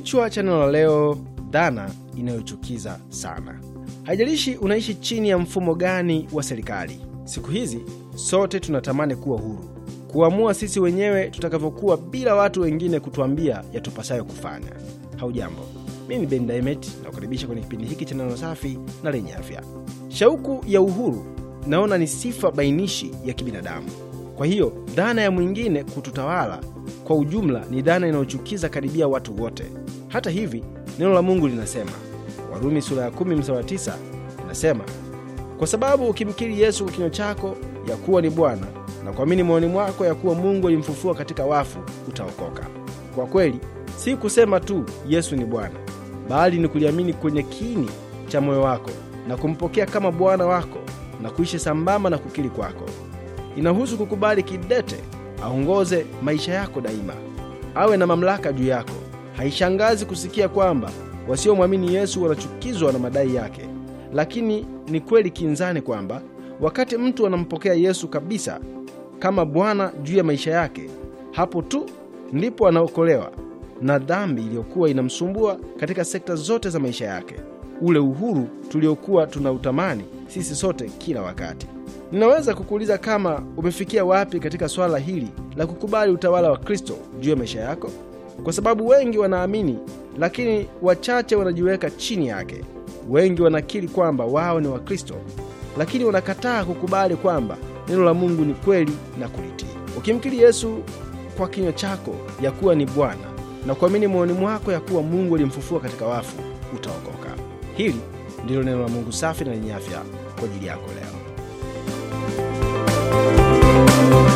Kichwa cha neno la leo, dhana inayochukiza sana. Haijalishi unaishi chini ya mfumo gani wa serikali, siku hizi sote tunatamani kuwa huru, kuamua sisi wenyewe tutakavyokuwa bila watu wengine kutuambia yatupasayo kufanya. Haujambo, mimi Ben Daimet nakukaribisha kwenye kipindi hiki cha neno safi na lenye afya. Shauku ya uhuru naona ni sifa bainishi ya kibinadamu kwa hiyo dhana ya mwingine kututawala kwa ujumla ni dhana inayochukiza karibia watu wote. Hata hivi neno la Mungu linasema, Warumi sura ya 10 mstari wa 9 linasema, kwa sababu ukimkiri Yesu kwa kinywa chako ya kuwa ni Bwana na kuamini moyoni mwako ya kuwa Mungu alimfufua katika wafu, utaokoka. Kwa kweli si kusema tu Yesu ni Bwana, bali ni kuliamini kwenye kini cha moyo wako na kumpokea kama Bwana wako na kuishi sambamba na kukiri kwako inahusu kukubali kidete aongoze maisha yako daima, awe na mamlaka juu yako. Haishangazi kusikia kwamba wasiomwamini Yesu wanachukizwa na madai yake, lakini ni kweli kinzani kwamba wakati mtu anampokea Yesu kabisa kama Bwana juu ya maisha yake, hapo tu ndipo anaokolewa na dhambi iliyokuwa inamsumbua katika sekta zote za maisha yake, ule uhuru tuliokuwa tunautamani sisi sote kila wakati. Ninaweza kukuuliza kama umefikia wapi katika swala hili la kukubali utawala wa Kristo juu ya maisha yako, kwa sababu wengi wanaamini, lakini wachache wanajiweka chini yake. Wengi wanakiri kwamba wao ni Wakristo, lakini wanakataa kukubali kwamba neno la Mungu ni kweli na kulitii. Ukimkiri Yesu kwa kinywa chako ya kuwa ni Bwana na kuamini moyoni mwako ya kuwa Mungu alimfufua katika wafu, utaokoka. Hili ndilo neno la Mungu safi na lenye afya kwa ajili yako leo. Música